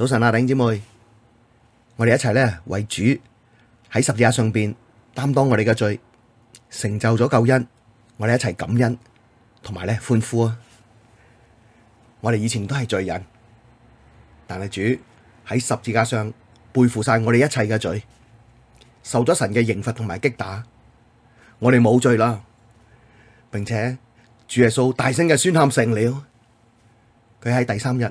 早晨啊，弟兄姊妹，我哋一齊咧為主喺十字架上邊擔當我哋嘅罪，成就咗救恩。我哋一齊感恩同埋咧歡呼啊！我哋以前都係罪人，但係主喺十字架上背負晒我哋一切嘅罪，受咗神嘅刑罰同埋擊打，我哋冇罪啦，並且主耶穌大聲嘅宣喊成了，佢喺第三日。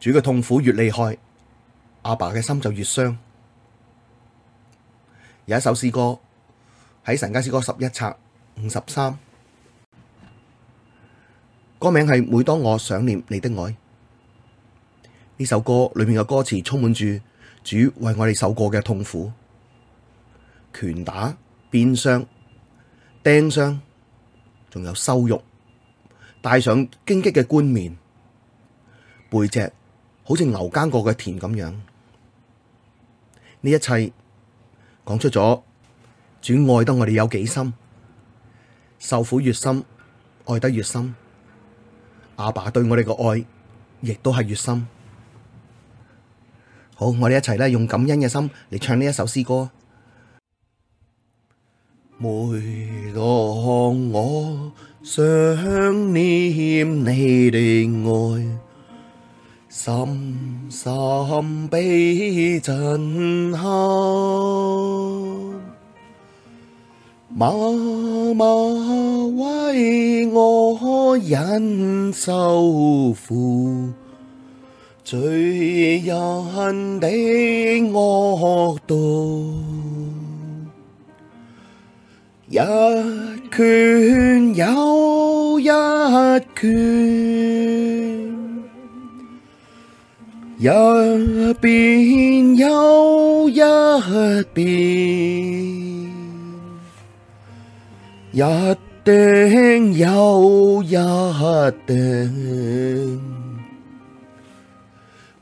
主嘅痛苦越厲害，阿爸嘅心就越傷。有一首詩歌喺《神家詩歌》十一冊五十三，歌名係《每當我想念祢的愛》。呢首歌裏面嘅歌詞充滿住主為我哋受過嘅痛苦，拳打、鞭傷、釘傷，仲有羞辱，帶上荊棘嘅冠冕、背脊。好似牛耕過嘅田咁樣，呢一切講出咗主愛得我哋有幾深，受苦越深，愛得越深。阿爸，爸對我哋嘅愛，亦都係越深。好，我哋一齊咧用感恩嘅心嚟唱呢一首詩歌。每當我想念你哋愛。深深被震撼，默默為我忍受苦，罪人的惡毒，一拳又一拳。一鞭又一鞭，一釘又一釘，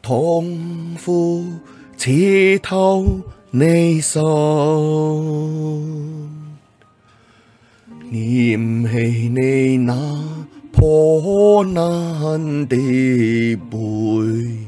痛苦刺透祢心，念起祢那破爛的背。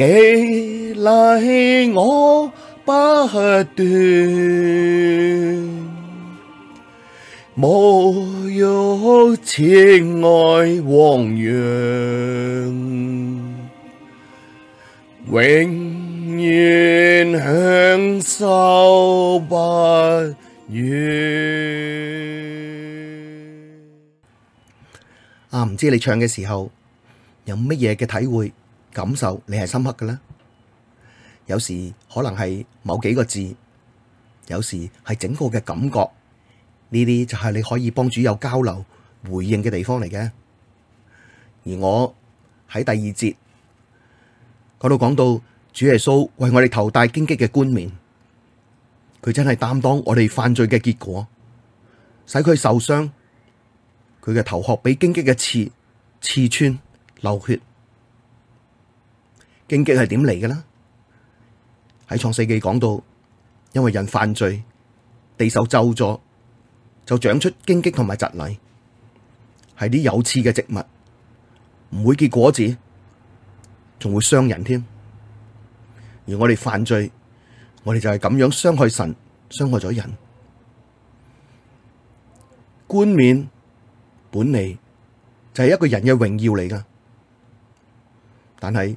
激勵我不斷，沐浴慈愛汪洋，永遠享受不完。啊，唔知你唱嘅時候有乜嘢嘅體會？感受你係深刻嘅啦。有時可能係某幾個字，有時係整個嘅感覺，呢啲就係你可以幫主有交流回應嘅地方嚟嘅。而我喺第二節，嗰度講到主耶穌為我哋頭戴荊棘嘅冠冕，佢真係擔當我哋犯罪嘅結果，使佢受傷，佢嘅頭殼俾荊棘嘅刺刺穿流血。荊棘係點嚟嘅呢？喺創世紀講到，因為人犯罪，地受咒咗，就長出荊棘同埋蒺藜，係啲有刺嘅植物，唔會結果子，仲會傷人添。而我哋犯罪，我哋就係咁樣傷害神，傷害咗人。冠冕本嚟就係、是、一個人嘅榮耀嚟噶，但係。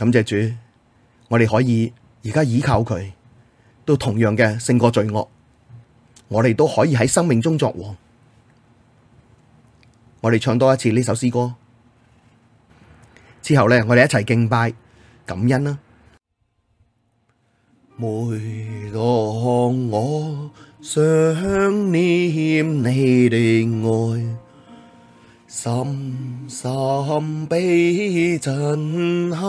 感謝主，我哋可以而家倚靠佢，都同樣嘅勝過罪惡。我哋都可以喺生命中作王。我哋唱多一次呢首詩歌之後咧，我哋一齊敬拜感恩啦。每當我想念你的愛。深深被震撼！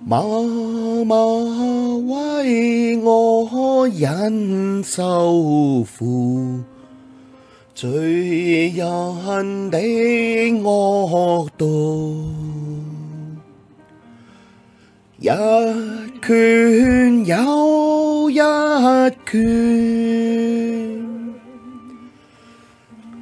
默默為我忍受苦，罪人的惡毒，一拳又一拳。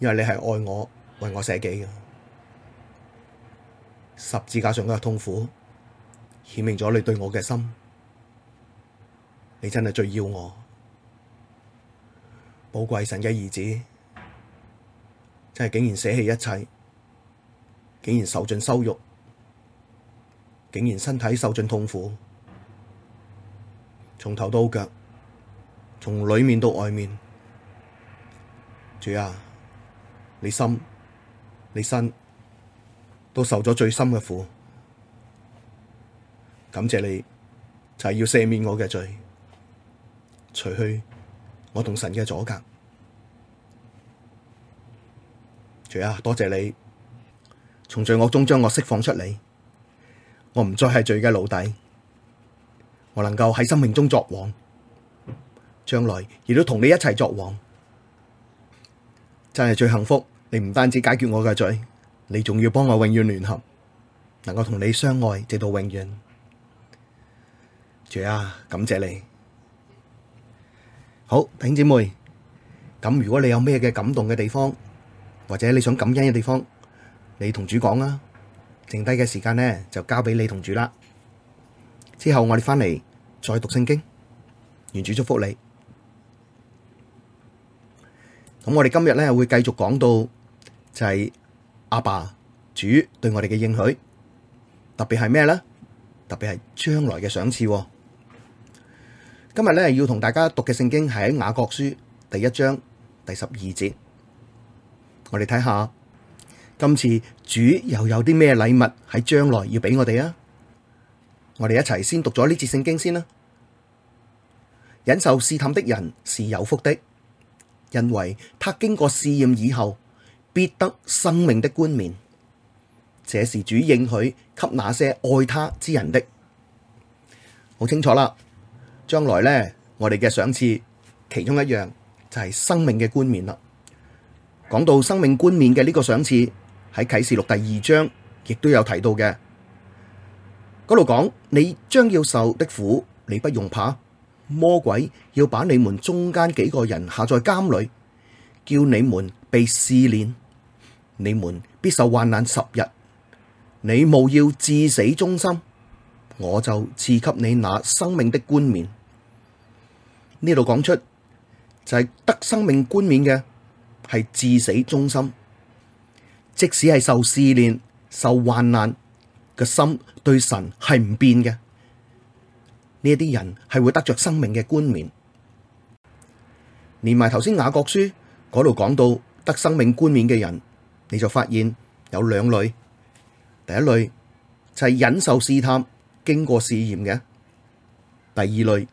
因為你係愛我，為我捨己嘅十字架上嘅痛苦，顯明咗你對我嘅心，你真係最要我，寶貴神嘅兒子，真係竟然捨棄一切，竟然受盡羞辱，竟然身體受盡痛苦，從頭到腳，從裏面到外面，主啊！你心、你身都受咗最深嘅苦，感謝你就係、是、要赦免我嘅罪，除去我同神嘅阻隔。主啊，多謝你從罪惡中將我釋放出嚟，我唔再係罪嘅奴隸，我能夠喺生命中作王，將來亦都同你一齊作王。真係最幸福，你唔單止解決我嘅罪，你仲要幫我永遠聯合，能夠同你相愛直到永遠。主啊，感謝你。好，弟兄姊妹，咁如果你有咩嘅感動嘅地方，或者你想感恩嘅地方，你同主講啦。剩低嘅時間呢，就交俾你同主啦。之後我哋翻嚟再讀聖經。願主祝福你。咁我哋今日咧會繼續講到就係阿爸主對我哋嘅應許，特別係咩咧？特別係將來嘅賞賜喎。今日咧要同大家讀嘅聖經係喺雅各書第一章第十二節，我哋睇下今次主又有啲咩禮物喺將來要俾我哋啊！我哋一齊先讀咗呢節聖經先啦。忍受試探的人是有福的。因為他經過試驗以後，必得生命的冠冕。這是主應許給那些愛他之人的。好清楚啦，將來呢，我哋嘅賞賜其中一樣就係生命嘅冠冕啦。講到生命冠冕嘅呢個賞賜，喺啟示錄第二章亦都有提到嘅。嗰度講，你將要受的苦，你不用怕。魔鬼要把你們中間幾個人下在監裏，叫你們被試煉，你們必受患難十日。你務要至死忠心，我就賜給你那生命的冠冕。呢度講出就係、是、得生命冠冕嘅，係至死忠心，即使係受試煉、受患難個心，對神係唔變嘅。呢啲人係會得着生命嘅冠冕，連埋頭先雅各書嗰度講到得生命冠冕嘅人，你就發現有兩類，第一類就係忍受試探、經過試驗嘅；第二類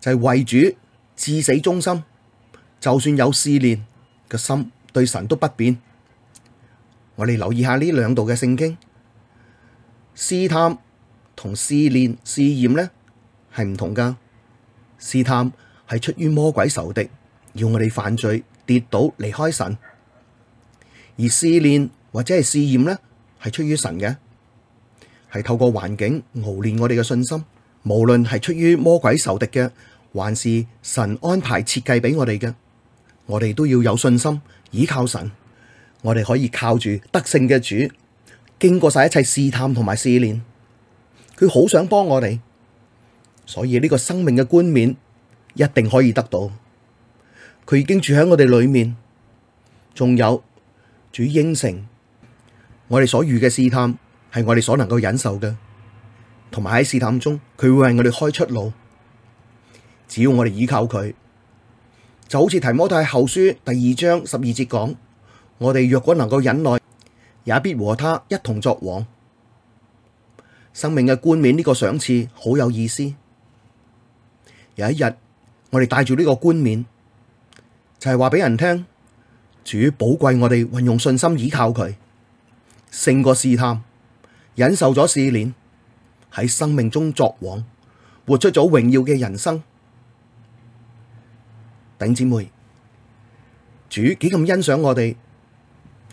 就係為主至死忠心，就算有試煉個心對神都不變。我哋留意下呢兩度嘅聖經，試探同試煉、試驗咧。係唔同噶，試探係出於魔鬼仇敵，要我哋犯罪跌倒離開神；而試煉或者係試驗呢，係出於神嘅，係透過環境熬練我哋嘅信心。無論係出於魔鬼仇敵嘅，還是神安排設計俾我哋嘅，我哋都要有信心依靠神。我哋可以靠住得勝嘅主，經過晒一切試探同埋試煉，佢好想幫我哋。所以呢個生命嘅冠冕一定可以得到，佢已經住喺我哋裏面。仲有，主應承我哋所遇嘅試探係我哋所能夠忍受嘅，同埋喺試探中佢會為我哋開出路。只要我哋依靠佢，就好似提摩太後書第二章十二節講：我哋若果能夠忍耐，也必和他一同作王。生命嘅冠冕呢個賞賜好有意思。有一日，我哋帶住呢個冠冕，就係話俾人聽，主寶貴我哋運用信心倚靠佢，勝過試探，忍受咗試煉，喺生命中作王，活出咗榮耀嘅人生。頂姐妹，主幾咁欣賞我哋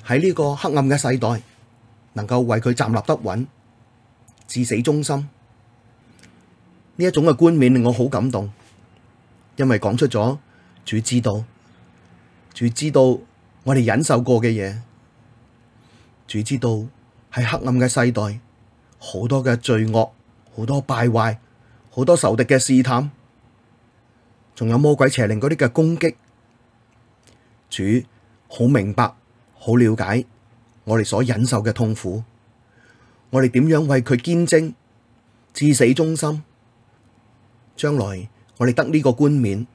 喺呢個黑暗嘅世代，能夠為佢站立得穩，至死忠心。呢一種嘅觀念令我好感動，因為講出咗主知道，主知道我哋忍受過嘅嘢。主知道喺黑暗嘅世代好多嘅罪惡，好多敗壞，好多仇敵嘅試探，仲有魔鬼邪靈嗰啲嘅攻擊，主好明白，好了解我哋所忍受嘅痛苦，我哋點樣為佢堅貞至死忠心。將來我哋得呢個冠冕，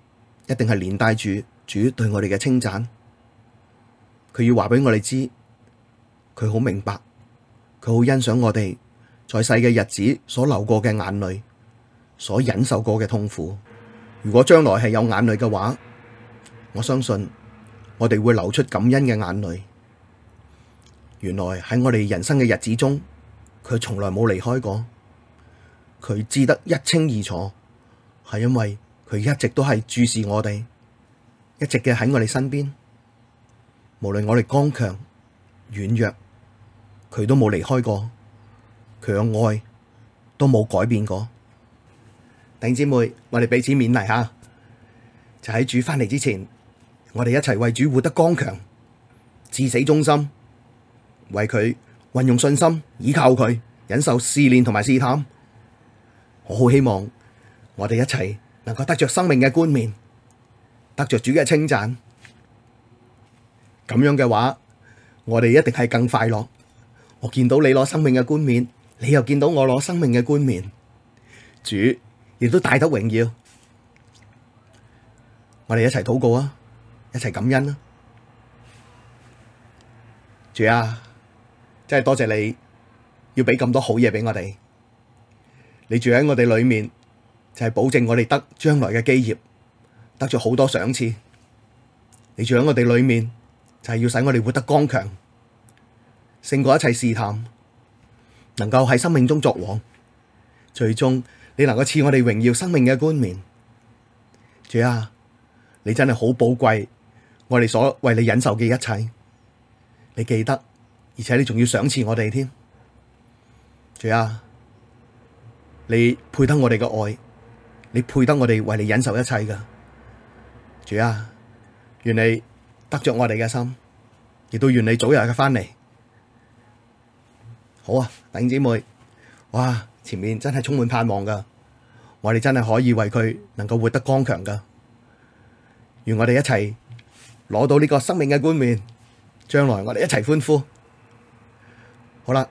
一定係連帶住主對我哋嘅稱讚。佢要話俾我哋知，佢好明白，佢好欣賞我哋在世嘅日子所流過嘅眼淚，所忍受過嘅痛苦。如果將來係有眼淚嘅話，我相信我哋會流出感恩嘅眼淚。原來喺我哋人生嘅日子中，佢從來冇離開過，佢知得一清二楚。係因為佢一直都係注視我哋，一直嘅喺我哋身邊，無論我哋剛強、軟弱，佢都冇離開過，佢嘅愛都冇改變過。弟兄姊妹，我哋彼此勉勵下，就喺主翻嚟之前，我哋一齊為主活得剛強，至死忠心，為佢運用信心倚靠佢，忍受試煉同埋試探。我好希望。我哋一齊能夠得着生命嘅冠冕，得着主嘅稱讚，咁樣嘅話，我哋一定係更快樂。我見到你攞生命嘅冠冕，你又見到我攞生命嘅冠冕，主亦都大得榮耀。我哋一齊禱告啊，一齊感恩啊。主啊，真係多謝你要俾咁多好嘢俾我哋，你住喺我哋裏面。就係保證我哋得將來嘅基業，得咗好多賞賜。你住喺我哋裏面，就係要使我哋活得剛強，勝過一切試探，能夠喺生命中作王。最終，你能夠賜我哋榮耀生命嘅冠冕。主啊，你真係好寶貴我哋所為你忍受嘅一切，你記得，而且你仲要賞賜我哋添。主啊，你配得我哋嘅愛。你配得我哋為你忍受一切噶，主啊，願你得着我哋嘅心，亦都願你早日嘅翻嚟。好啊，弟兄姊妹，哇，前面真係充滿盼望噶，我哋真係可以為佢能夠活得剛強噶願我哋一齊攞到呢個生命嘅冠冕，將來我哋一齊歡呼。好啦，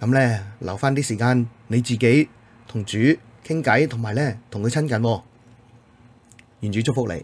咁咧，留翻啲時間，你自己同主。傾偈同埋咧，同佢親近喎，願主祝福你。